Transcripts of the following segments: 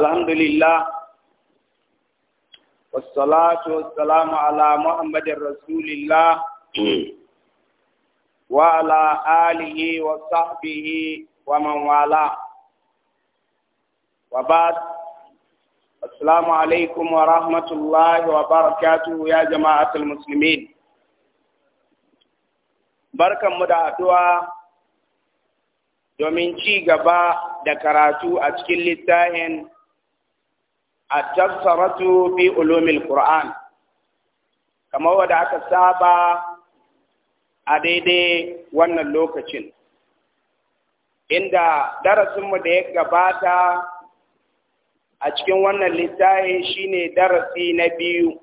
الحمد لله والصلاة والسلام على محمد رسول الله وعلى آله وصحبه ومن والاه وبعد السلام عليكم ورحمة الله وبركاته يا جماعة المسلمين بركة مدعوة domin ci gaba da karatu a cikin littafin A bi ulumil qur'an kamar wanda aka saba a daidai wannan lokacin inda darasinmu da ya gabata a cikin wannan littafi shine darasi na biyu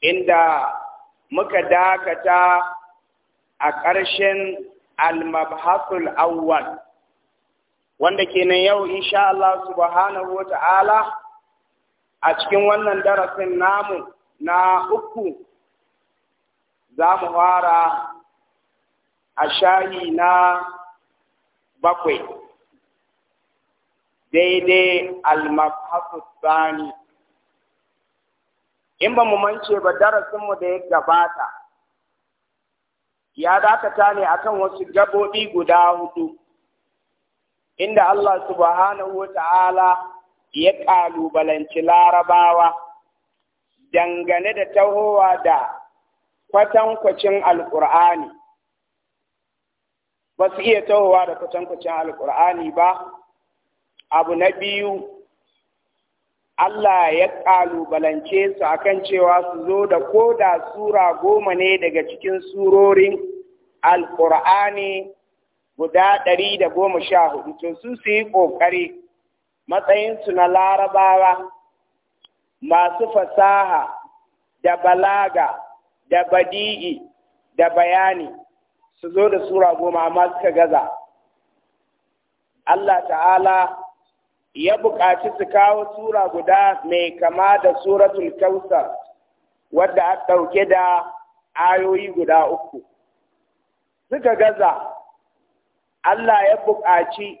inda muka dakata a ƙarshen al-mabhasul awwal wanda kenan yau insha Allah subhanahu wa ta'ala a cikin wannan darasin namu na uku za mu fara a shahi na bakwai daidai almafafu in ba mu mance ba darasinmu da ya gabata ya dakata ne akan wasu gabobi guda hudu inda Allah subhanahu wa ta'ala ya ƙalubalanci larabawa dangane da tahowa da kwatankwacin alƙur'ani ba su iya tahowa da kwatankwacin alƙur'ani ba abu na biyu Allah ya ƙalubalance su akan cewa su zo da ko da sura goma ne daga cikin surorin alƙur'ani guda ɗari da goma sha hudu to su su yi ƙoƙari matsayinsu na larabawa masu fasaha da balaga da badi'i da bayani su zo da sura goma amma suka gaza Allah ta'ala ya buƙaci su kawo sura guda mai kama da suratul kausar wadda a ɗauke da ayoyi guda uku suka gaza Allah ya buƙaci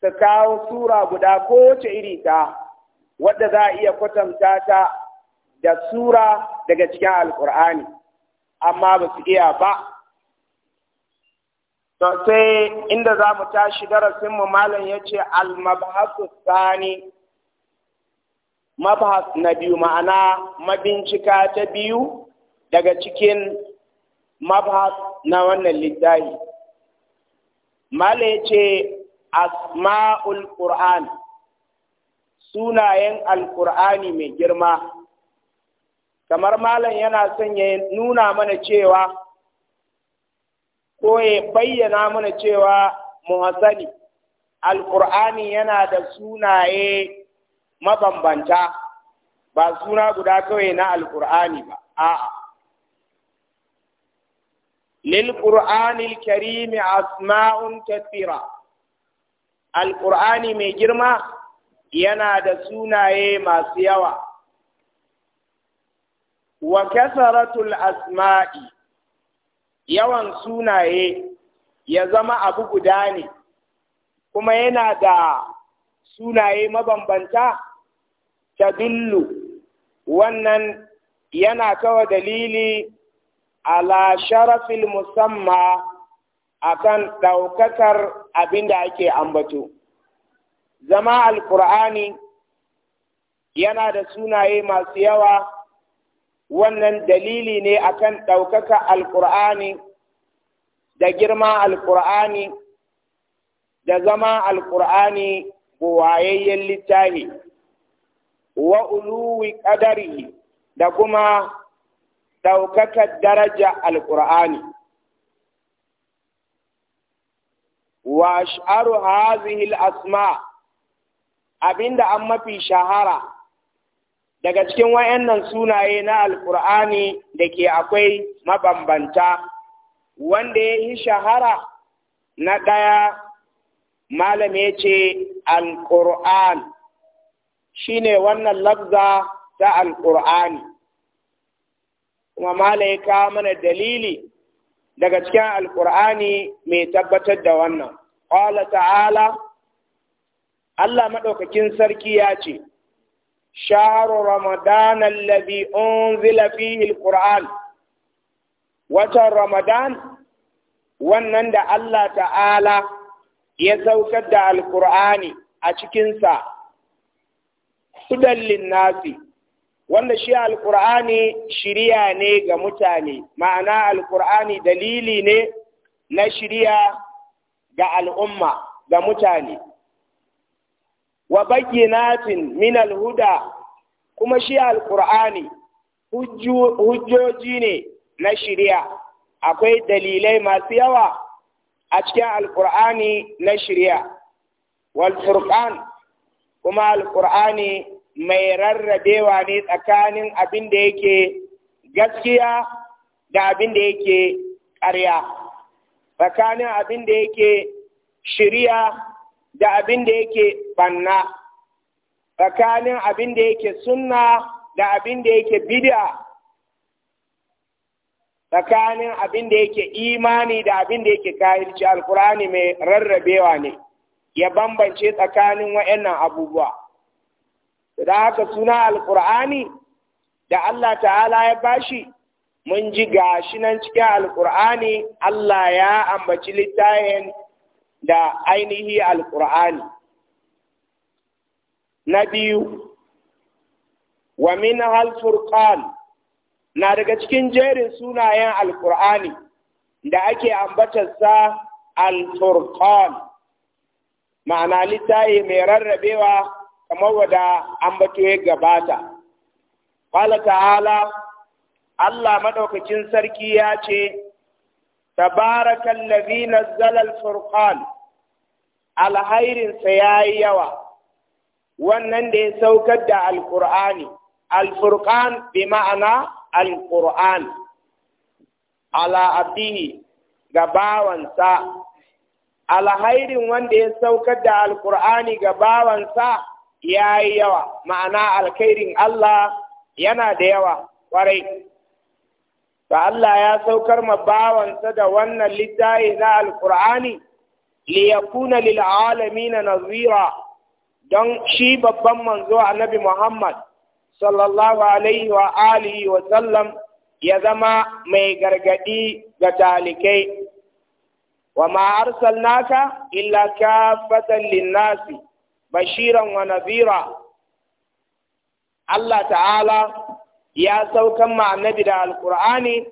su kawo sura guda kowace iri ta wadda za a iya kwatanta ta da sura daga cikin Alƙur'ani, amma ba su iya ba sai inda za mu tashi mu malam ya ce almabhasu sani mabhas na biyu ma'ana mabincika ta biyu daga cikin mabhas na wannan littafi male yace asma'ul qur'an sunayen alqur'ani mai girma kamar malam yana son ya nuna mana cewa ko ya bayyana mana cewa muhassani alqur'ani yana da sunaye mabambanta ba suna guda kawai na alqur'ani ba a'a للقرآن الكريم Asma'un كثيرة Alƙur'ani mai girma yana da sunaye masu yawa wa kasaratul asma'i yawan sunaye ya zama abu guda ne kuma yana da sunaye mabambanta ta wannan yana kawa dalili ala sharafil musamma akan ɗaukakar abin da ake ambato. Zama Alƙur'ani yana da sunaye masu yawa wannan dalili ne akan ɗaukaka Alƙur'ani da girma Alƙur'ani da zama Alƙur'ani buwayayyen littafi wa uluwi ƙadari da kuma Daukaka daraja alƙur'ani wa ash'aru hazihi asma abinda an mafi shahara daga cikin wayannan sunaye na alƙur'ani da ke akwai mabambanta wanda ya yi shahara na ɗaya malame ya ce alƙur'an shi ne wannan lafza ta alƙur'ani kuma mala ya mana dalili daga cikin alkur'ani mai tabbatar da wannan qala ta'ala Allah maɗaukakin sarki ya ce shahru ramadan alladhi unzila fihi alquran watan ramadan wannan da Allah ta'ala ya saukar da alkur'ani a cikinsa hudan linnasi wanda shi alkur'ani shiriya ne ga mutane ma'ana alkur'ani dalili ne na shiriya ga al'umma ga mutane wa bayyinatin min alhuda kuma shi alkur'ani hujjoji ne na shiriya akwai dalilai masu yawa a cikin alkur'ani na shiriya wal furqan kuma alkur'ani mai rarrabewa ne tsakanin abin da yake gaskiya da abin da yake ƙarya tsakanin abin da yake shirya da abin da yake banna tsakanin abin da yake sunna da abin da yake bid'a tsakanin abin da yake imani da abin da yake kayanci, alkurani mai rarrabewa ne ya bambance tsakanin wa'annan abubuwa da haka suna alkur'ani da Allah ta'ala ya bashi mun ji gashi nan cikin alkur'ani Allah ya ambaci littayen da ainihi Alƙur'ani na biyu wa min na daga cikin jerin sunayen Alƙur'ani da ake ambatarsa alfurqan ma'ana littaye mai rarrabewa kamar wada ambato ya gabata qala ta'ala Allah maɗaukacin sarki ya ce Tabarakan ladhi na Zalal Furkan. alhairinsa ya yi yawa wannan da ya saukar da Alƙur'ani. Alfurkan bi ma'ana Alƙur'an. ala abdihi ga bawansa alhairin wanda ya saukar da Alƙur'ani ga bawansa ya yi yawa ma'ana alkhairin Allah yana da yawa kwarai. ba Allah ya saukar ma bawansa da wannan littafi na alkur'ani li yakuna lil alamin nazira don shi babban manzo annabi Muhammad sallallahu alaihi wa alihi wa sallam ya zama mai gargadi ga talikai wa ma arsalnaka illa kafatan lin-nasi bashiran wa nadhira Allah ta'ala ya saukan ma annabi da alqur'ani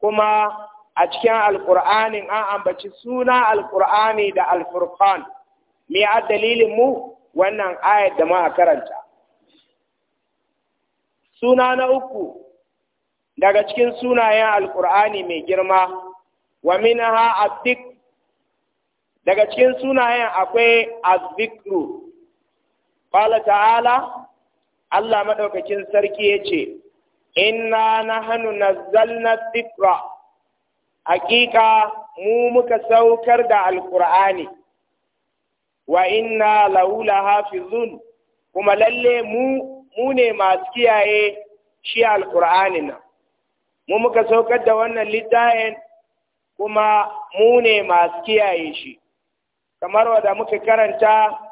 kuma a cikin alqur'anin an ambaci suna alqur'ani da alfurqan me a dalilin mu wannan ayat da muka karanta suna na uku daga cikin sunayen alqur'ani mai girma wa minha abdik daga cikin sunayen akwai azbikru Ƙwala ta'ala, Allah maɗaukakin sarki ya ce, Inna na hannu na zalna hakika mu muka saukar da Alƙur'ani, wa inna laula hafizun kuma lalle mu ne masu kiyaye shi Alƙur'ani nan. Mu muka saukar da wannan littafin kuma mu ne masu kiyaye shi, kamar wadda muka karanta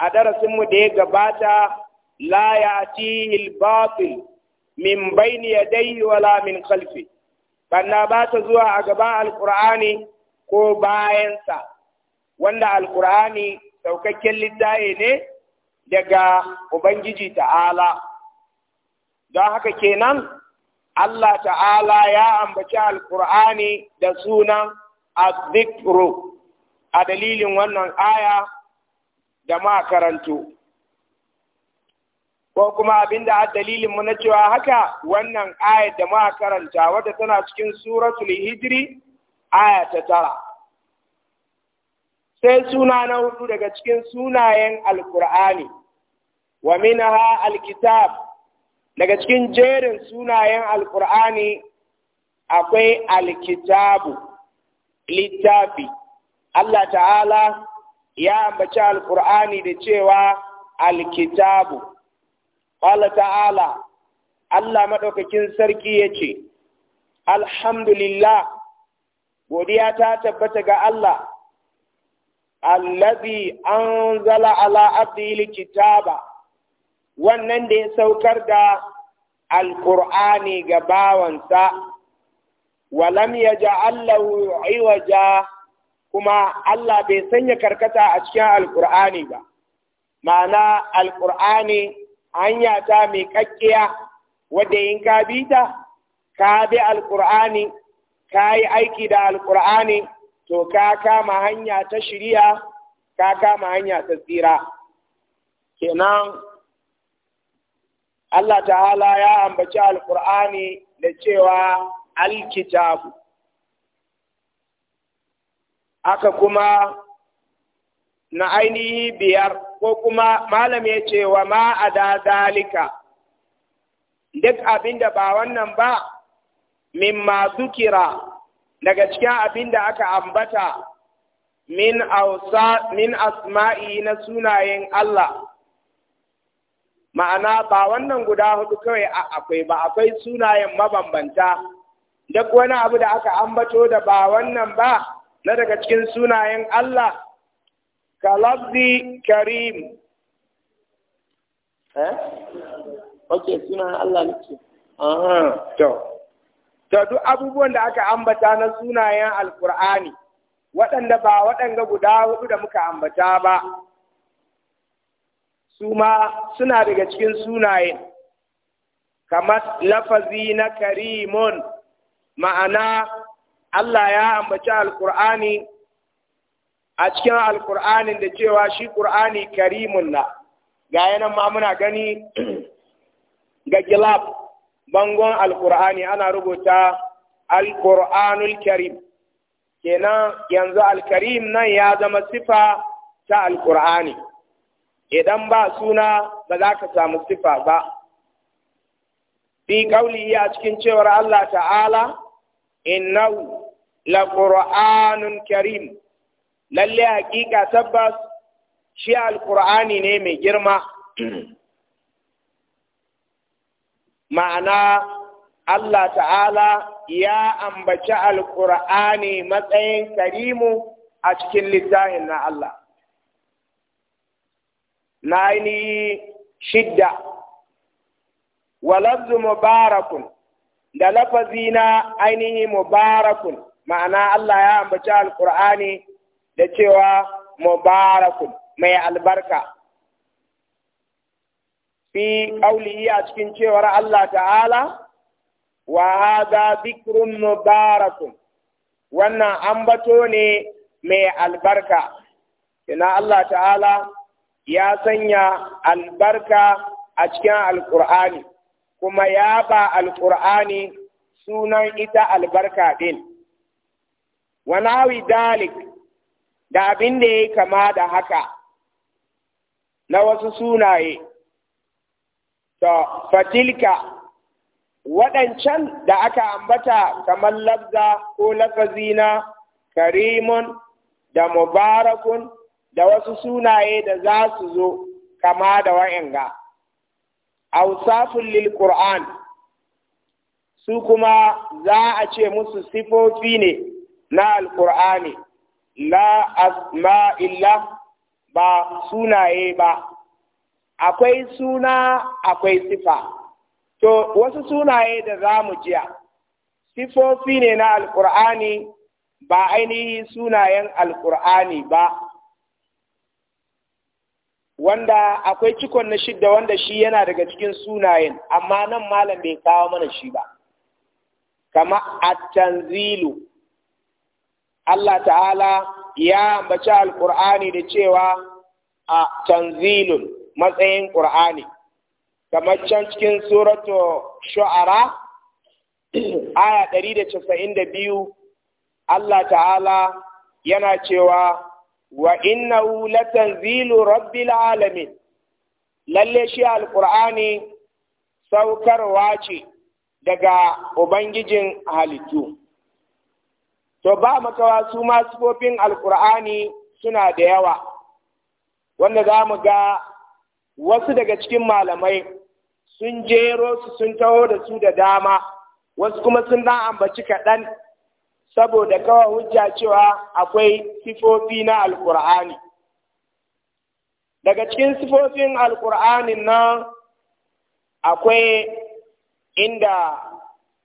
a darasinmu da ya gabata la ya ci batil min bayni dai wala min khalfi banna ba ta zuwa a gaban alkur'ani ko bayansa wanda alkur'ani saukakken littaye ne daga ubangiji ta'ala don haka kenan Allah ta'ala ya ambaci alkur'ani da sunan a dalilin wannan aya da ma karanto ko kuma abinda a dalilin mu na cewa haka wannan ayat da ma karanta wadda tana cikin suratul hijri aya ta tara sai suna na hudu daga cikin sunayen alkur'ani wa ha alkitab daga cikin jerin sunayen alkur'ani akwai alkitabu littafi Allah ta'ala ya ambaci alkur'ani da cewa alkitabu qala ta'ala Allah madaukakin sarki yace alhamdulillah godiya ta tabbata ga Allah allazi anzala ala abdihi kitaba. wannan da ya saukar da alƙur'ani ga bawansa walam yaj'al lahu iwaja kuma Allah bai sanya karkata a cikin alkur'ani ba ma'ana alkur'ani hanya ta mai kakkiya wadda in ka bi ta ka bi alkur'ani ka yi aiki da alkur'ani to ka kama hanya ta shirya ka kama hanya ta tsira kenan Allah ta'ala ya ambaci alkur'ani da cewa alkitabu aka kuma na ainihi biyar ko kuma malam ya ce wa ma a dalika duk abin da ba wannan ba masu kira. daga cikin abin da aka ambata min ausa min asma'i na sunayen Allah ma'ana ba wannan guda hudu kawai akwai ba akwai sunayen mabambanta duk wani abu da aka ambato da ba wannan ba na daga cikin sunayen Allah ka lafzi karim eh ok sunayen Allah nake aha to to duk abubuwan da aka ambata na sunayen alkur'ani waɗanda ba waɗanda guda hudu da muka ambata ba su ma suna daga cikin sunayen kamar lafazi na karimun ma'ana Allah ya ambaci alkur'ani a cikin alkur'anin da cewa shi ƙur'ani karimun na ga yanan ma muna gani ga gilab bangon alkur'ani ana rubuta alkur'anul karim kenan yanzu alkarim nan ya zama sifa ta alkur'ani idan ba suna ba za ka samu sifa ba fi kauli a cikin cewar Allah ta'ala Innau la karim lalle hakika tabbas shi alqur'ani ne mai girma ma'ana Allah ta'ala ya ambaci alƙur'ani matsayin karimu a cikin littafin na Allah na shidda walabzu mubarakun da lafazi na ainihi mubarakun ma'ana Allah ya ambaci alkur'ani da cewa mubarakun mai albarka fi ƙaulihi a cikin cewar Allah ta'ala wa hadha zikrun mubarakun wannan ambato ne mai albarka ina Allah ta'ala ya sanya albarka a cikin alkur'ani kuma ya ba alƙur'ani sunan ita albarka ɗin. Wanawi dalik da abin da ya kama da haka na wasu sunaye, ta fatilka waɗancan da aka ambata kamar labza ko lafazina karimun da mubarakun da wasu sunaye da za su zo kama da wa'yanga. awsafun lil qur'an su kuma za a ce musu sifofi ne na alqur'ani la illa ba sunaye ba akwai suna akwai sifa to wasu sunaye da za mu jiya sifofi ne na alƙur'ani ba ainihi sunayen alƙur'ani ba wanda akwai cikon na shidda wanda shi yana daga cikin sunayen amma nan malam bai kawo mana shi ba kama at-tanzilu Allah ta'ala ya ambaci al-Qur'ani da cewa a tanzilun matsayin qur'ani kamar can cikin suratu shu'ara aya 192 Allah ta'ala yana cewa wa innahu latanzilu rabbil alamin lalle shi Alƙur'ani saukarwa ce daga ubangijin halittu to ba makawa su ma sifofin Alƙur'ani suna da yawa wanda za mu ga wasu daga cikin malamai sun jero su sun taho da su da dama wasu kuma sun ambaci kaɗan saboda kawa hujja cewa akwai sifofi na alkur'ani daga cikin sifofin alkur'anin nan akwai inda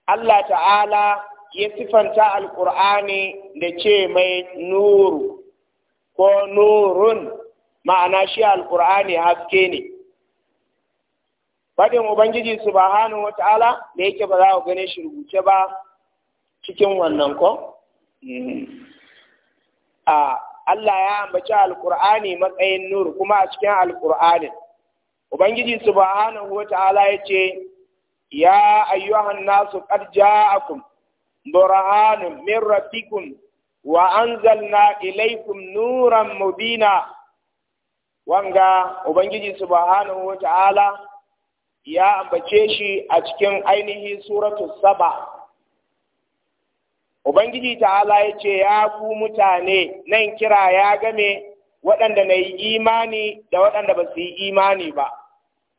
Allah ta'ala ya sifanta alkur'ani da ce mai nuru ko nurun ma'ana shi alkur'ani haske ne faɗin ubangiji subhanahu wa ta'ala da yake ba za ku gane shi rubuce ba cikin wannan ko mm-hmm. a Allah ya ambaci alkur'ani matsayin nur kuma a cikin alkur'anin ubangiji subhanahu Ta'ala ya ce ya ayyuhan nasu qad ja'akum burhanun min rabbikum wa anzalna ilaykum nuran mubina wanga ubangiji subhanahu Ta'ala ya ambace shi a cikin ainihin suratul saba Ubangiji ta'ala ya ce, Ya ku mutane nan kira ya game waɗanda na yi imani da waɗanda ba su yi imani ba.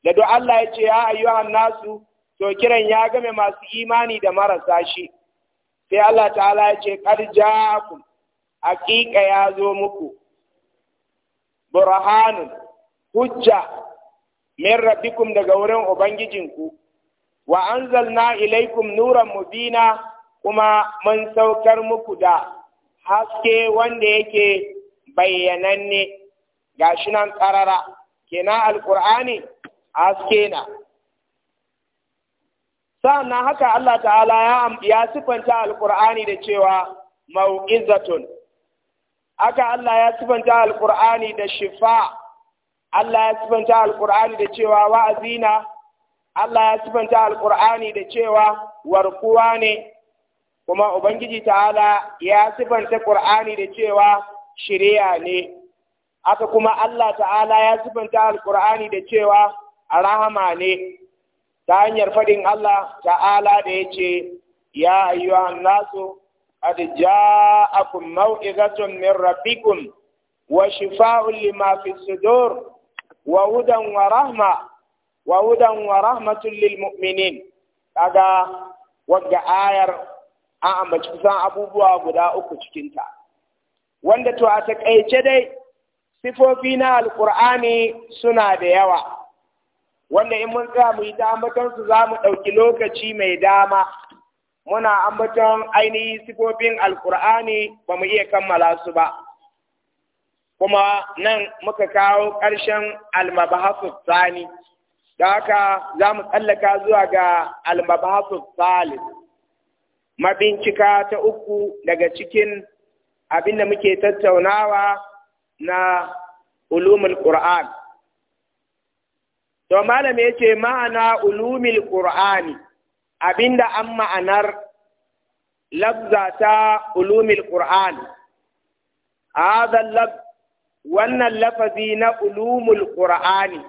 Da duk Allah ya ce, Ya ayyuhan nasu, to kiran ya game masu imani da marasa shi. Sai Allah ta'ala ya ce, Kar ku, haƙiƙa ya zo muku. Burhanun, hujja, min rabbikum daga wurin Ubangijinku, wa anzalna ilaikum nuran mubina kuma mun saukar muku da haske wanda yake bayyananne ga shi nan tsarara na alkur'ani haske na sa'annan haka Allah ta'ala ya sifanta alkur'ani da cewa mau'izatun haka Allah ya sifanta alkur'ani da shifa Allah ya sifanta alkur'ani da cewa wa'azina Allah ya sifanta alkur'ani da cewa warkuwa ne kuma ubangiji ta'ala ya sifanta qur'ani da cewa shirya ne aka kuma Allah ta'ala ya sifanta Alƙur'ani da cewa rahama ne ta hanyar fadin Allah ta'ala da yace ya ayyuhan nasu ad ja'akum maw'izatun min rabbikum wa shifaa'un lima fi sudur wa hudan wa rahma wa hudan wa rahmatun lil mu'minin kaga wagga ayar an ambaci kusan abubuwa guda uku cikinta wanda to a taƙaice dai sifofi na alƙur'ani suna da yawa wanda in mun tsaya mu yi su za mu ɗauki lokaci mai dama muna ambaton ainihin sifofin alƙur'ani ba mu iya kammala su ba kuma nan muka kawo ƙarshen almabahasu tsani da haka za mu tsallaka zuwa ga almabahasu salis mabincika ta uku daga cikin abin da muke tattaunawa na ulumul Qur'an. To malam ya ce ma'ana ulumul Qur'ani abinda an ma'anar labza ta ulumul Qur'an. Hadha lab wannan lafazi na ulumul Qur'ani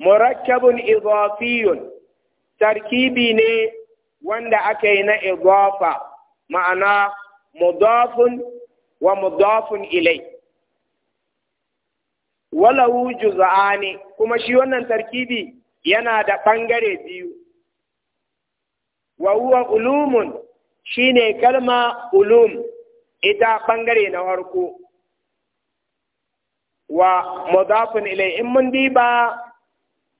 murakkabun idafiyun tarkibi ne wanda aka yi na idafa ma'ana mudafun wa mudafun ilai walahu juz'ani kuma shi wannan tarkibi yana da ɓangare biyu wa huwa ulumun shine kalma ulum ita ɓangare na farko wa mudafun ilai in mun diba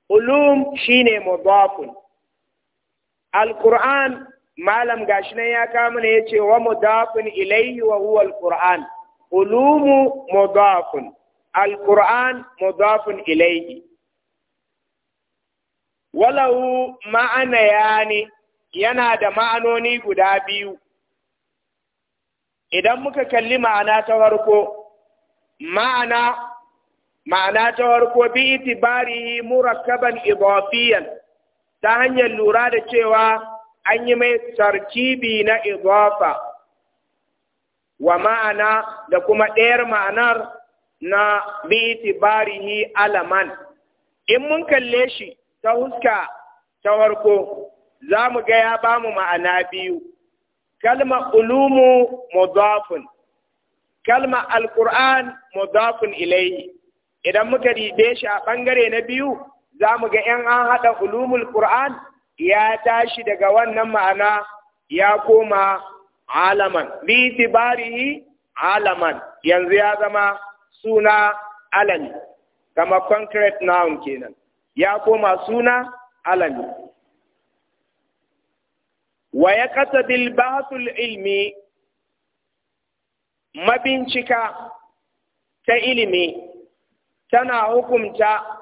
ulum shine mudafun alquran malam gashi nan ya kama ne yace wa mudafun ilayhi wa huwa alquran ulumu mudafun alquran mudafun ilayhi walahu ma'ana yani yana da ma'anoni guda biyu idan muka kalli ma'ana ta farko ma'ana ma'ana ta farko bi itibarihi murakkaban idafiyan ta hanyar lura da cewa an yi mai tarkibi na idafa wa ma'ana da kuma ɗayar ma'anar na barihi alaman in mun kalle shi ta huska ta warko za mu ga ya ba mu ma'ana biyu kalma ulumu mudafun kalma alkur'an mudafun ilaihi idan muka ribe shi a ɓangare na biyu za mu ga ‘yan an haɗa ulumul Qur'an ya tashi daga wannan ma'ana ya koma alaman, bi barihi alaman, yanzu ya zama suna alami, kama concrete noun kenan, ya koma suna alami. Wa ya kasa bilbatul ilmi mabincika ta ilimi tana hukunta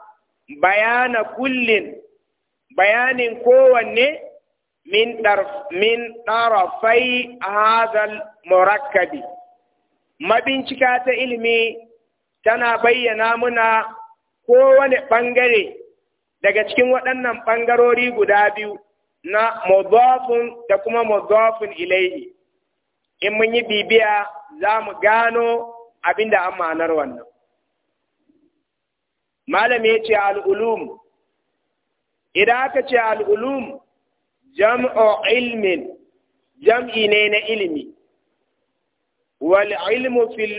bayana kullin bayanin kowanne min ɗarafai hazal murakkabi mabincika ta ilimi tana bayyana muna kowane ɓangare daga cikin waɗannan ɓangarori guda biyu na mudafun da kuma mudafun ilaihi in mun yi bibiya za mu gano abin da an ma'anar wannan malam ya ce al'ulum idan aka ce al'ulum jam'o ilmin jam'i ne na ilimi wal ilmu fil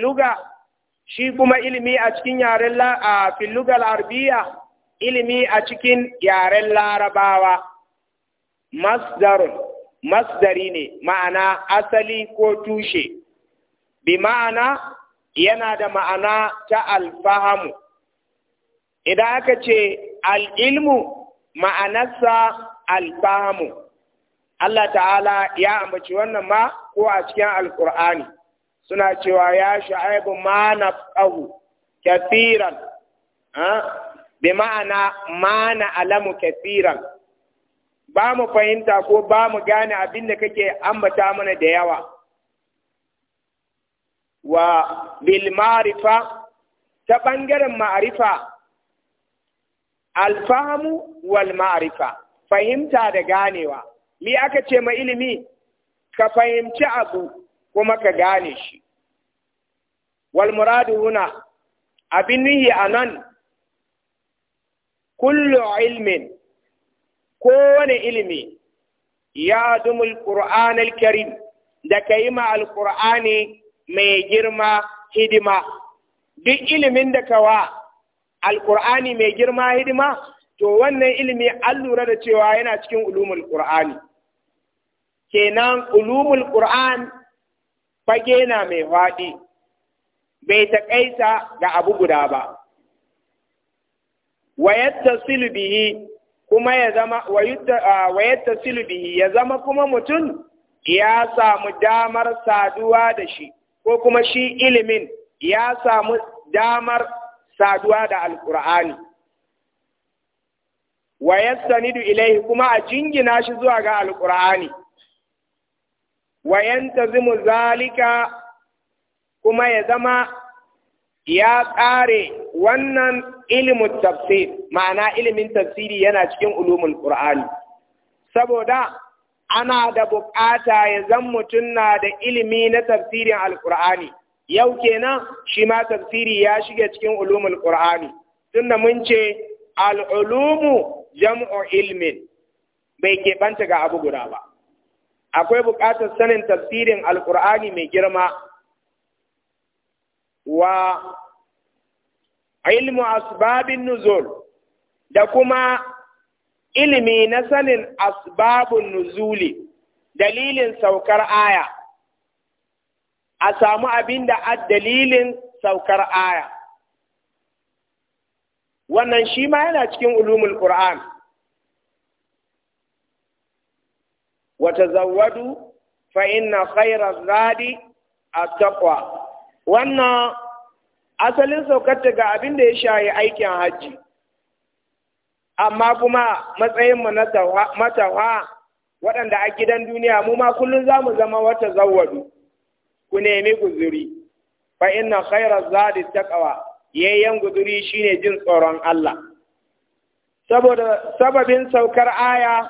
shi kuma ilimi a cikin yaren a fil lugal arabiya ilimi a cikin yaren larabawa masdar masdari ne ma'ana asali ko tushe bi ma'ana yana da ma'ana ta alfahamu idan aka ce al'ilmu ma'anarsa alfahamu Allah ta'ala ya ambaci wannan ma ko a cikin alkur'ani suna cewa ya sha'aibu ma na ƙahu kafiran bi ma'ana ma na alamu kafiran ba mu fahimta ko ba mu gane abin da kake ambata mana da yawa wa bil ma'rifa ta ɓangaren ma'arifa alfahamu wal ma'rifa fahimta da ganewa me aka ce ma ilimi ka fahimci abu kuma ka gane shi wal muradu huna abin nihi anan kullu ilmin kowane ilimi ya dumul qur'an al-karim da kayi ma al-qur'ani mai girma hidima duk ilimin da kawa alƙur'ani mai girma hidima to wannan ilimi an lura da cewa yana cikin ulumul ƙur'ani kenan ulumul ƙur'an fage na mai faɗi bai taƙaita ga abu guda ba wa bihi ya zama ya zama kuma mutum ya samu damar saduwa da shi ko kuma shi ilimin ya samu damar saduwa da alkur'ani wa yastanidu ilaihi kuma a jingina shi zuwa ga alkur'ani wa yantazimu zalika kuma ya zama ya tsare wannan ilimin tafsir ma'ana ilimin tafsiri yana cikin ulumul qur'ani saboda ana da bukata ya zan mutum na da ilimi na tafsirin alkur'ani yau kenan shi ma tafsiri ya shiga cikin ulumul qur'ani tunda mun ce al-ulumu jam'u ilmin bai keɓanta ga abu guda ba akwai buƙatar sanin tafsirin alƙur'ani mai girma wa ilmu asbabin nuzul da kuma ilimi na sanin asbabun nuzuli dalilin saukar aya a samu abin da a dalilin saukar aya wannan shi ma yana cikin ulumul Kur'an. Wata zawadu fa inna khairar zadi a taqwa wannan asalin saukar ga abin da ya shayi aikin hajji amma kuma matsayin mu na matawa waɗanda a gidan duniya mu ma kullum za mu zama wata zawadu. ku nemi guzuri fa inna khaira zadi taqwa yayyan guzuri shine jin tsoron Allah saboda sababin saukar aya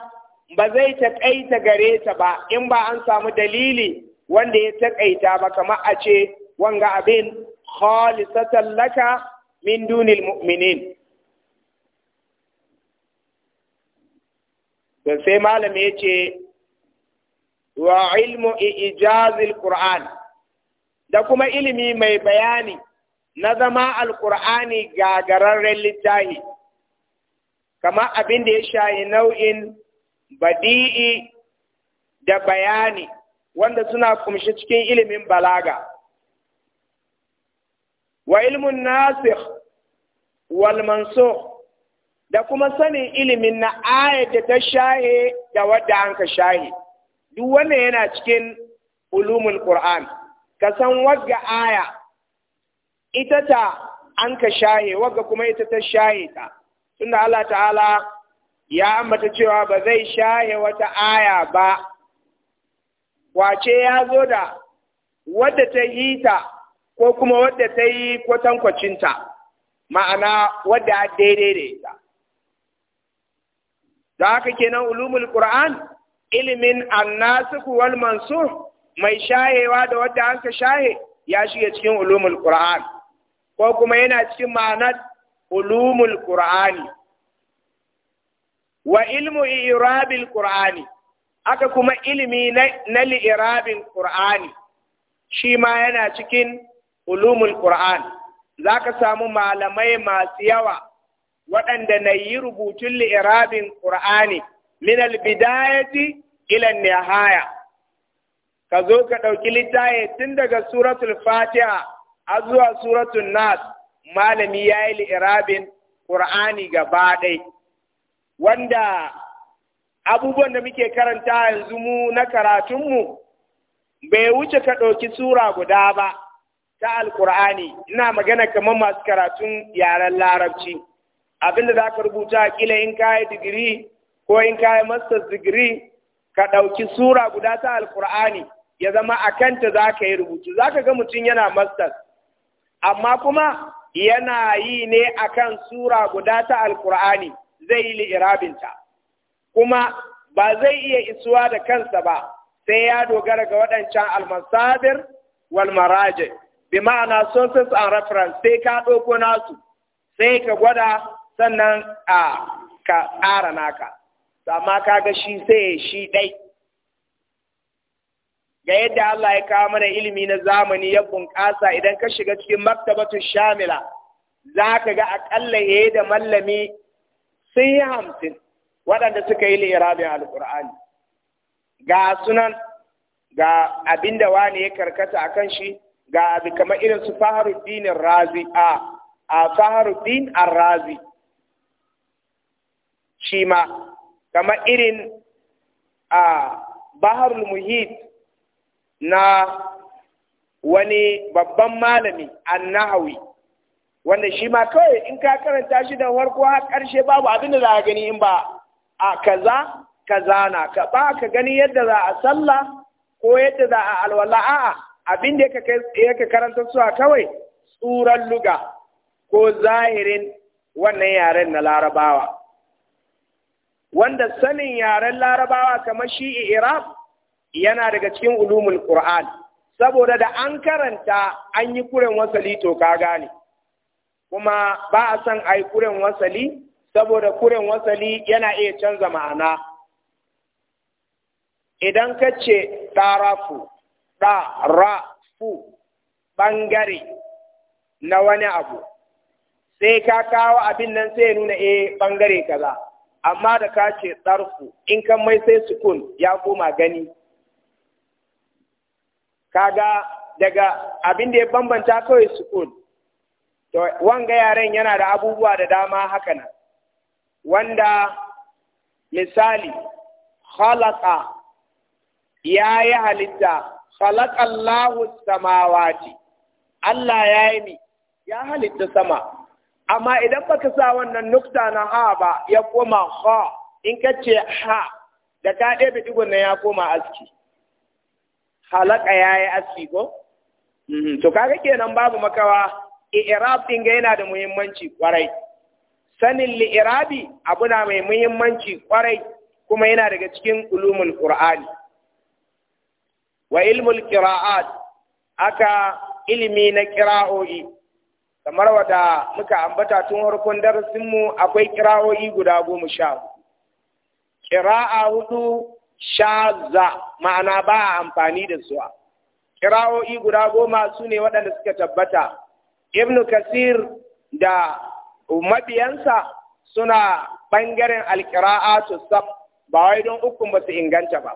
ba zai taƙaita gare ta ba in ba an samu dalili wanda ya taƙaita ba kamar a ce wanga abin khalisatan laka min dunil mu'minin da sai malam ya ce wa ilmu ijazil qur'an da kuma ilimi mai bayani na zama alkur'ani gagararren littahi kama abin da ya shayi nau'in badi'i da bayani wanda suna kumshi cikin ilimin balaga wa ilmun Nasir wal da kuma sanin ilimin na ayata ta shaye da wadda an ka shahe duk wannan yana cikin ulumul qur'an ka san wagga aya ita ta an ka shaye wagga kuma ita ta shaye ta tunda Allah ta'ala ya ambata cewa ba zai shaye wata aya ba wace ya zo da wadda ta yi ta ko kuma wadda ta yi kwatankwacinta ma'ana wadda daidai da ita da haka kenan ulumul qur'an ilimin annasu wal mansur mai shayewa da wadda an ka shaye ya shiga cikin ulumul qur'an ko kuma yana cikin ma'anar ulumul qur'ani wa ilmu i'rabil qur'ani aka kuma ilimi na li'irabin qur'ani shi ma yana cikin ulumul qur'an zaka samu malamai masu yawa waɗanda na yi rubutun li'irabin qur'ani min al-bidayati ila nihaya ka zo ka ɗauki littaye tun daga suratul fatiha a zuwa suratul nas malami ya yi li'irabin ƙur'ani gaba ɗai wanda abubuwan da muke karanta yanzu mu na karatunmu bai wuce ka ɗauki sura guda ba ta alƙur'ani ina magana kamar masu karatun yaren larabci abinda za ka rubuta kila in kayi digiri ko in yi masters digiri ka ɗauki sura guda ta alƙur'ani ya zama a kanta za ka yi rubutu za ka ga mutum yana masters amma kuma yana yi ne akan sura guda ta alkur'ani zai yi li'irabinta kuma ba zai iya isuwa da kansa ba sai ya dogara ga waɗancan almasadir wal maraje bi ma'ana sources and reference sai ka ɗauko nasu sai ka gwada sannan a ka ƙara naka amma kaga shi sai shi ɗai ga yadda Allah ya kawo mana ilimi na zamani ya bunƙasa idan ka shiga cikin maktabatun shamila za ka ga aƙalla ya da mallami sun yi hamsin waɗanda suka yi lirabin alƙur'ani ga sunan ga abin da wani ya karkata a kan shi ga abu kamar irin su faharuddin razi a razi shi ma kamar irin a baharul muhit na wani babban malami annahawi wanda shi ma kawai in ka karanta shi da farko har ƙarshe babu abin da za ka gani in ba a kaza kaza na ka ba ka gani yadda za a sallah ko yadda za a alwala a'a abin da yake karanta suwa kawai tsuran luga ko zahirin wannan yaren na larabawa wanda sanin yaren larabawa kamar shi iraq yana daga cikin ulumul Qur'an saboda da an karanta an yi kuren wasali to ka gane kuma ba a son a kuren wasali saboda kuren wasali yana iya canza ma'ana idan ka ce ɗarafu rafu ɓangare na wani abu sai ka kawo abin nan sai nuna e eh, ɓangare kaza amma da ka ce ɗarfu in kan mai sai sukun ya koma gani kaga daga abin da ya bambanta kawai sukun to wanga yaren yana da abubuwa da dama haka nan wanda misali khalaqa ya yi halitta khalaqa Allahu samawati Allah ya yi mi ya halitta sama amma idan baka sa wannan nukta na ha ba ya koma ha in ka ce ha da ka ɗebe digon nan ya koma aski halaka yayi aski ko mhm. to kaga kenan babu makawa I'irab ɗin ga yana da muhimmanci kwarai sanin li'irabi abu na mai muhimmanci kwarai kuma yana daga cikin ulumul qur'ani wa ilmul kira'a aka ilimi na ƙira'o'i kamar wada muka ambata tun harkon darasin mu akwai ƙira'o'i guda goma sha qira'a hudu shaza ma'ana ba a amfani da su kira'o'i guda goma su ne waɗanda suka tabbata ibn kasir da mabiyansa suna ɓangaren su sab ba wai don ukun ba su inganta ba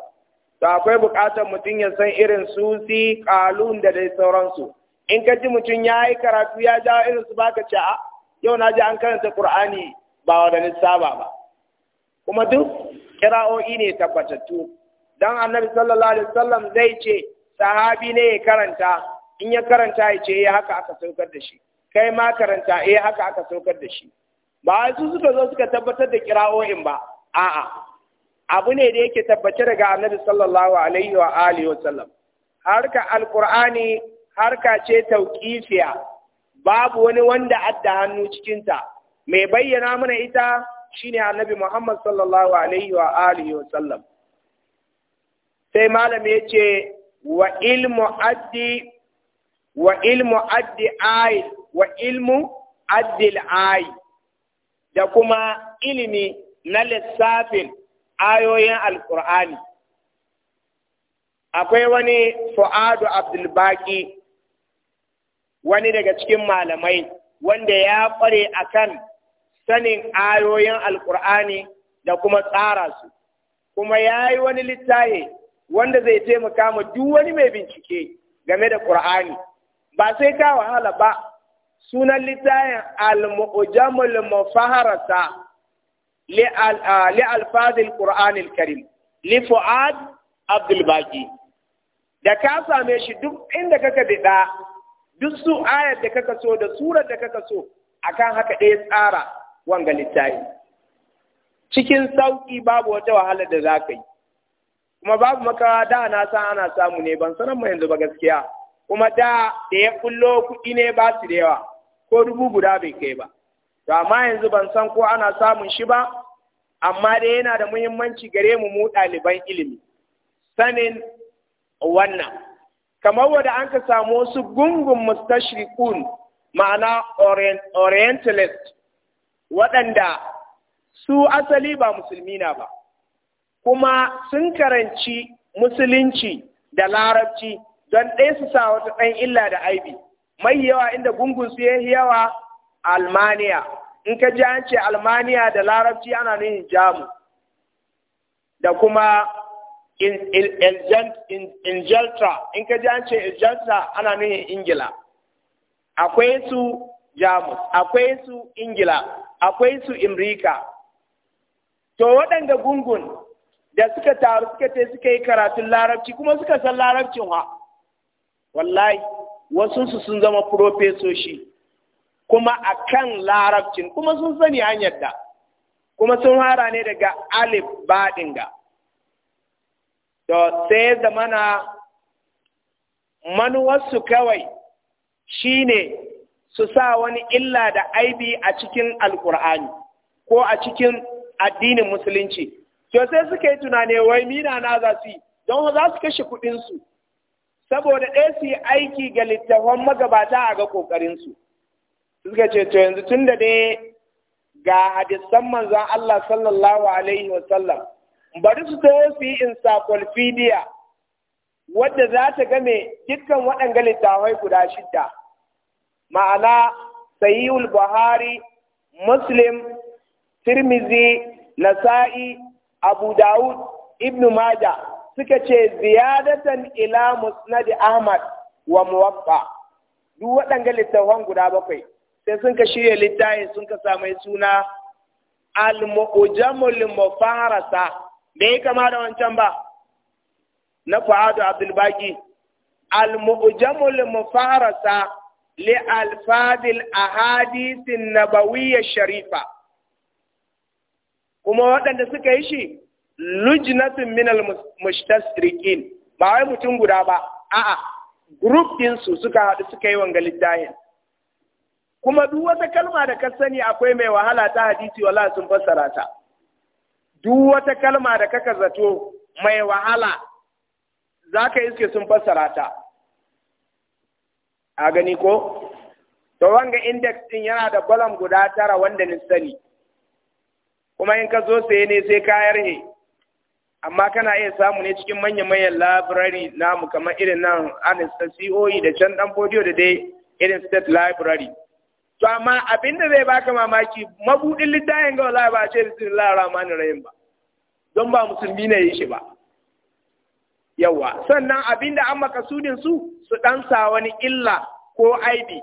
to akwai buƙatar mutum ya san irin susi kalun da dai sauransu in ka ji mutum ya yi karatu ya jawo irin su baka ce a ah, yau na ji an karanta qur'ani ba wa da saba ba kuma duk kira'o'i ne tabbatattu dan annabi sallallahu alaihi wasallam zai ce sahabi ne ya karanta in ya karanta ya ce eh haka aka saukar da shi kai ma karanta eh haka aka saukar da shi ba su suka zo suka tabbatar da kira'o'in ba a'a abu ne da yake tabbace daga annabi sallallahu alaihi wa alihi wa sallam harka alqur'ani harka ce tauƙifiya. babu wani wanda adda hannu cikinta. mai bayyana mana ita shine annabi Muhammad sallallahu alaihi wa alihi wa sallam sai malami ya ce wa ilmu addi wa ilmu addi ai wa ilmu addil ai da kuma ilimi na lissafin ayoyin Alƙur'ani. akwai wani fu'adu abdulbaki wani daga cikin malamai wanda ya kware akan sanin ayoyin Alƙur'ani da kuma tsara su kuma ya yi wani littafi wanda zai taimaka ma duk wani mai bincike game da ƙur'ani ba sai ka wahala ba sunan littafin al-mu'jamul mufaharasa li ƙur'ani al karim li fuad abdul baqi da ka same shi duk inda kaka bida duk su ayar da kaka so da surar da kaka so akan haka ɗaya tsara wanga littafi cikin sauƙi babu wata wahala da za ka yi kuma babu makawa da na san ana samu ne ban sanar mu yanzu ba gaskiya kuma da da ya kullo kuɗi ne ba su da yawa ko dubu guda bai kai ba to amma yanzu ban san ko ana samun shi ba amma dai yana da muhimmanci gare mu mu ɗaliban ilimi sanin wannan kamar wanda an ka samu wasu gungun mustashriqun ma'ana orientalist waɗanda su asali ba musulmi na ba kuma sun karanci musulunci da larabci don ɗaya su sa wata ɗan illa da aibi mai yawa inda gungun su yayi yawa almaniya in ka ji an ce almaniya da larabci ana nuhin jamu da kuma in ka ji an ce injalta ana nuhin ingila akwai su jamus akwai su ingila akwai su imrika to waɗanda gungun da suka taru suka ce suka yi karatun larabci kuma suka san larabcin wa wallahi wasu su sun zama profesoshi kuma akan larabcin kuma sun sani hanyar da kuma sun hara ne daga alif baɗinga to sai zamana manuwarsu kawai shine su sa wani illa da aibi a cikin alkur'ani ko a cikin addinin musulunci to sai suka yi tunane wai mina na za su yi don za su kashe kuɗinsu saboda ɗaya su yi aiki ga littafan magabata a ga ƙoƙarinsu suka ce to yanzu tun da dai ga hadisan manzon Allah sallallahu alaihi wa sallam bari su taho su yi encyclopedia wadda za ta game dukkan waɗanga littafai guda shidda ma'ana sayyul buhari muslim tirmizi nasa'i abu dawud ibnu maja suka ce ziyadatan ila musnad ahmad wa muwaffa duk waɗanga littafan guda bakwai sai sun ka shirya littafin sun ka suna al-mu'jamul mufarasa da ya kama da wancan ba na fa'adu abdulbaki al-mu'jamul mufarasa li alfadil ahadisin nabawiyya sharifa kuma waɗanda suka yi shi lujnatun minal mustasriqin ba wai mutum guda ba a'a group din su suka haɗu suka yi wanga littafin kuma duk wata kalma da ka sani akwai mai wahala ta hadisi wala sun fassara ta duk wata kalma da kaka zato mai wahala za ka iske sun fassara ta a gani ko to wanga index din yana da balam guda tara wanda ni sani kuma in ka zo sai ne sai ka yarhe amma kana iya samu ne cikin manyan manyan library namu kamar irin nan anista COE da can dan fodiyo da dai irin state library to amma abin da zai baka mamaki mabudin littafin ga wallahi ba a ce bismillahir rahmanir rahim ba don ba musulmi ne yi shi ba yawa sannan abin da an makasudin su su dan wani illa ko aibi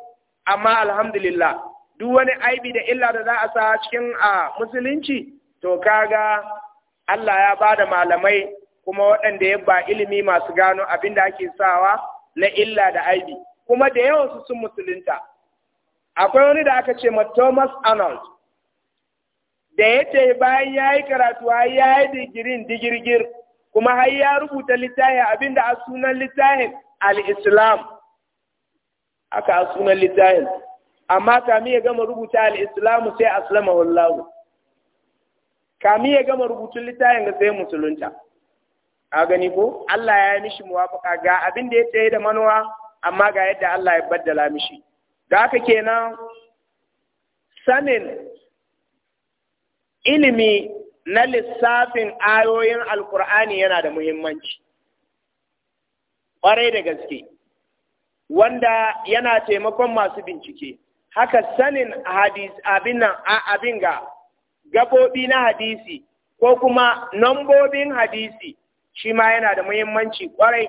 amma alhamdulillah duk wani aibi da illa da za a sa cikin a musulunci to kaga Allah ya bada malamai kuma waɗanda ya ba ilimi masu gano abin da ake sawa na illa da aibi kuma da yawan su sun musulunta akwai wani da aka ce ma Thomas Arnold da ya ce bayan ya yi karatu ya yi digirin digirgir kuma har ya rubuta littafin abinda a sunan littafin al-islam aka a sunan littafin amma kami ya gama rubuta al-islam sai aslama wallahu kami ya gama rubutun littafin ga sai musulunta a gani ko Allah ya yi mishi muwafaka ga abin da ya tsaye da manowa amma ga yadda Allah ya baddala mishi ga haka kenan sanin ilimi na lissafin ayoyin alkur'ani yana da muhimmanci ƙwarai da gaske wanda yana taimakon masu bincike haka sanin abin ga gabobi na hadisi ko kuma nambobin hadisi shi ma yana da muhimmanci kwarai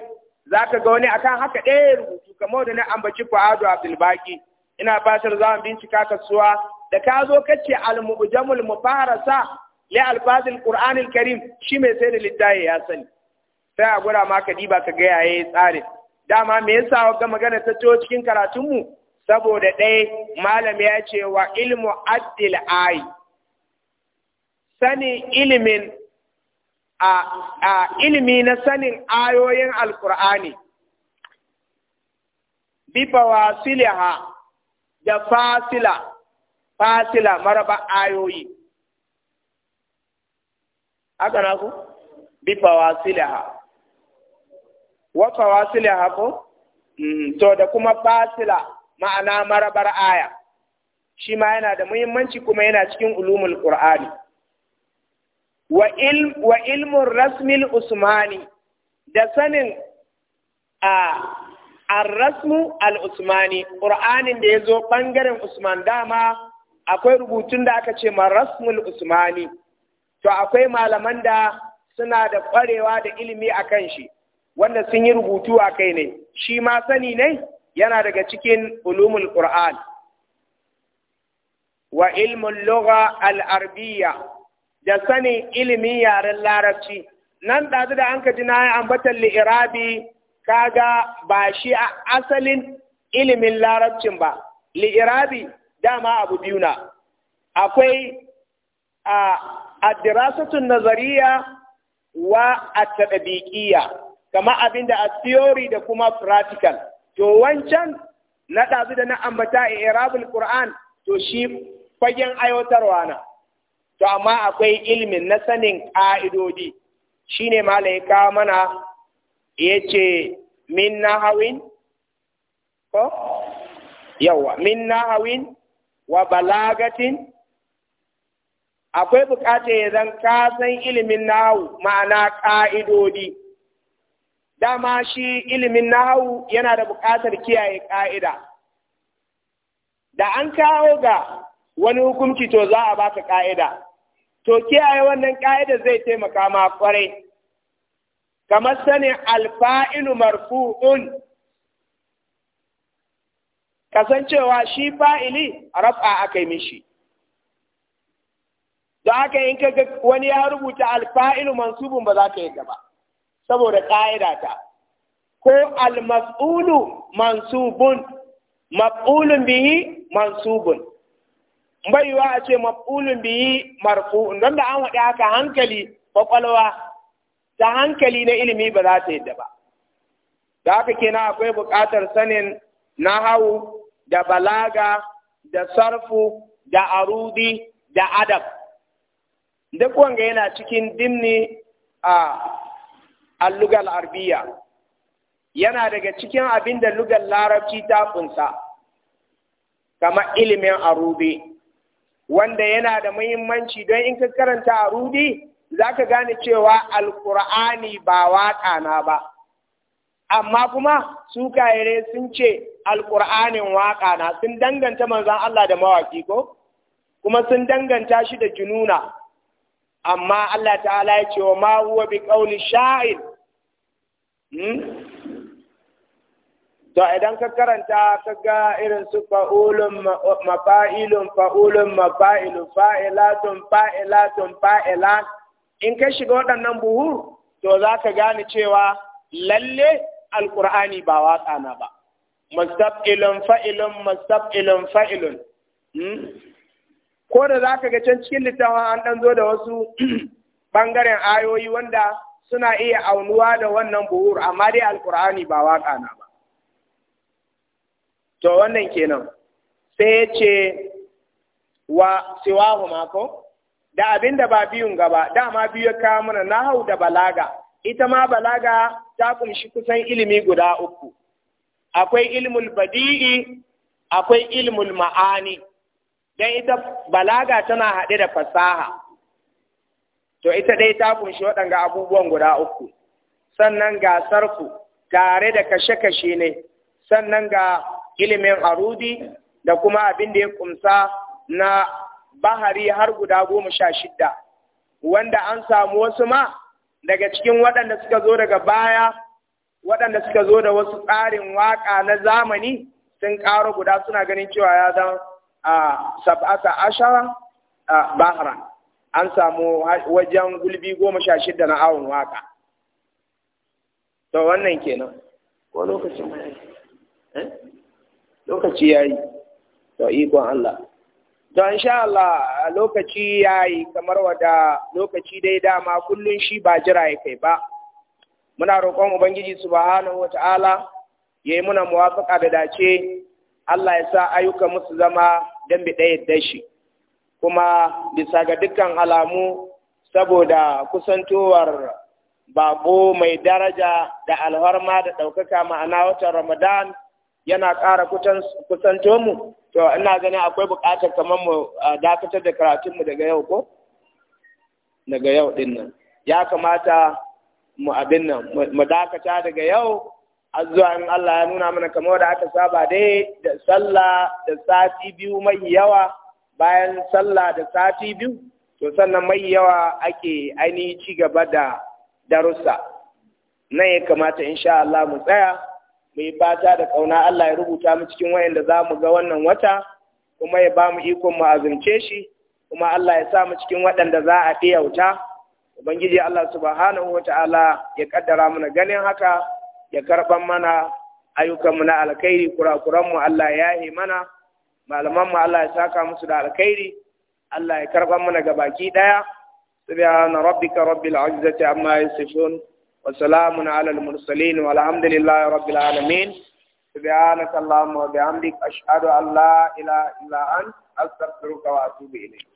za ka ga wani akan haka ɗaya rubutu kamar da na ambaci fa'adu abdulbaki ina fatar za bincika kasuwa da ka zo kace al-mu'jamul mufarasa li alfazil qur'anil karim shi mai sai da littafi ya sani sai a gura ma ka diba ka ga yaye tsarin dama me yasa ga magana ta ciwo cikin karatun mu saboda ɗaya malam ya ce wa ilmu addil ayi sani ilimin a ilimi na sanin ayoyin alkur'ani bi wasiliha, da fasila fasila maraba ayoyi haka na ku bi fawasilaha wa ha ko mm-hmm. to da kuma fasila ma'ana marabar aya shi ma yana da muhimmanci kuma yana cikin ulumul qur'ani wa ilm wa ilmun rasmil usmani da sanin a ar-rasmu al-usmani qur'anin da yazo bangaren usman dama akwai rubutun da aka ce ma rasmul usmani to akwai malaman da suna da ƙwarewa da ilimi a kan shi wanda sun yi rubutu a kai ne shi ma sani ne yana daga cikin ulumul qur'an wa ilmun lugha al da sanin ilimin yaren larabci nan ɗazu da an ka ji na yi ambatan li'irabi kaga ba shi a asalin ilimin larabcin ba li'irabi dama abu biyu na akwai a ad-dirasatun nazariya wa at-tadbiqiyya kama abinda a theory da kuma practical to wancan na ɗazu da na ambata a irabul qur'an to shi fagen aiwatarwa na to amma akwai ilmin na sanin ƙa'idodi shine ne malaika mana ya min nahawin ko wa balagatin akwai bukatar ya zan ka san ilimin nahu ma'ana ƙa'idodi dama shi ilimin nahu yana da bukatar kiyaye ƙa'ida da an kawo ga wani hukunci to za a baka ƙa'ida to kiyaye wannan ƙa'idar zai taimaka ma kwarai kamar sanin alfa'ilu marfu'un kasancewa shi fa'ili rafa aka yi mishi don haka in ka ga wani ya rubuta alfa'ilu mansubun ba za ka yi ba, saboda ƙa'ida ta ko almas'ulu mansubun maf'ulun bihi mansubun baiwa a ce maf'ulun bihi marfu'un don da an waɗi haka hankali kwakwalwa ta hankali na ilimi ba za ta yadda ba da haka kenan akwai buƙatar sanin nahawu da balaga da sarfu da arudi da adab duk wanga yana cikin dimni a allugal arbiya yana daga cikin abin da lugar larabci ta kunsa kamar ilimin arubi wanda yana da muhimmanci don in ka karanta arubi za ka gane cewa alkur'ani ba waƙa na ba amma kuma su kayere sun ce alkur'anin waƙa na sun danganta manzan Allah da mawaki ko kuma sun danganta shi da jununa amma Allah ta'ala ya ce wa ma huwa bi qawli sha'ir hmm? to idan ka karanta ka ga irin su fa'ulun mafa'ilun fa'ulun mafa'ilun fa'ilatun fa'ilatun fa'ilat in ka shiga waɗannan buhu to za ka gane cewa lalle alƙur'ani ba waƙa na ba mustaqilun fa'ilun mustaqilun fa'ilun hmm? ko da za ka ga can cikin littafin an ɗan zo da wasu ɓangaren ayoyi wanda suna iya aunuwa da wannan buhur amma dai alkur'ani ba waƙa na ba to wannan kenan sai ya ce wa siwahu mako da abin da ba biyun gaba dama biyu ya kawo mana Hau da balaga ita ma balaga ta kunshi kusan ilimi guda uku akwai ilmul badi'i akwai ilmul ma'ani don ita balaga tana haɗe da fasaha to ita dai ta kunshi waɗanga abubuwan guda uku sannan ga sarfu tare da kashe-kashe ne sannan ga ilimin arudi da kuma abin da ya kumsa na bahari har guda goma sha shidda wanda an samu wasu ma daga cikin waɗanda suka zo daga baya waɗanda suka zo da wasu tsarin waƙa na zamani sun ƙaro guda suna ganin cewa ya zama. a sab'ata ashara a bahran an samu wajen gulbi goma sha shida na awon waka to wannan kenan ko lokacin eh? lokaci ya yi to ikon Allah to insha Allah lokaci ya yi kamar wada lokaci dai dama kullum shi ba jira ya kai ba muna roƙon ubangiji subhanahu wata'ala ya yi muna muwafaƙa da dace Allah ya sa ayyukan musu zama don bi ɗaya da shi kuma bisa ga dukkan alamu saboda kusantowar baƙo mai daraja da alharma da ɗaukaka ma'ana watan ramadan yana ƙara kusanto mu to ina ganin akwai buƙatar kamar mu dakatar da karatunmu daga yau ko daga yau ɗin nan ya kamata mu abin nan mu dakata daga yau azuwa in Allah ya nuna mana kamar da aka saba dai da sallah da sati biyu mai yawa bayan sallah da sati biyu to sannan mai yawa ake ainihin ci gaba da darussa nan ya kamata insha Allah mu tsaya mu yi fata da kauna Allah ya rubuta mu cikin wayanda za mu ga wannan wata kuma ya ba mu ikon mu azumce shi kuma Allah ya sa mu cikin waɗanda za a ɗiyauta Ubangiji Allah subhanahu wa ta'ala ya ƙaddara mana ganin haka ya karban mana ayyukanmu na alkhairi kurakuranmu Allah ya yi mana malamanmu Allah ya saka musu da alkhairi Allah ya karban mana ga baki daya subhana rabbika rabbil izzati amma yasifun wa salamun ala al mursalin walhamdulillahi rabbil alamin subhanaka allahumma wa bihamdika ashhadu an la ilaha illa anta astaghfiruka wa atubu ilayk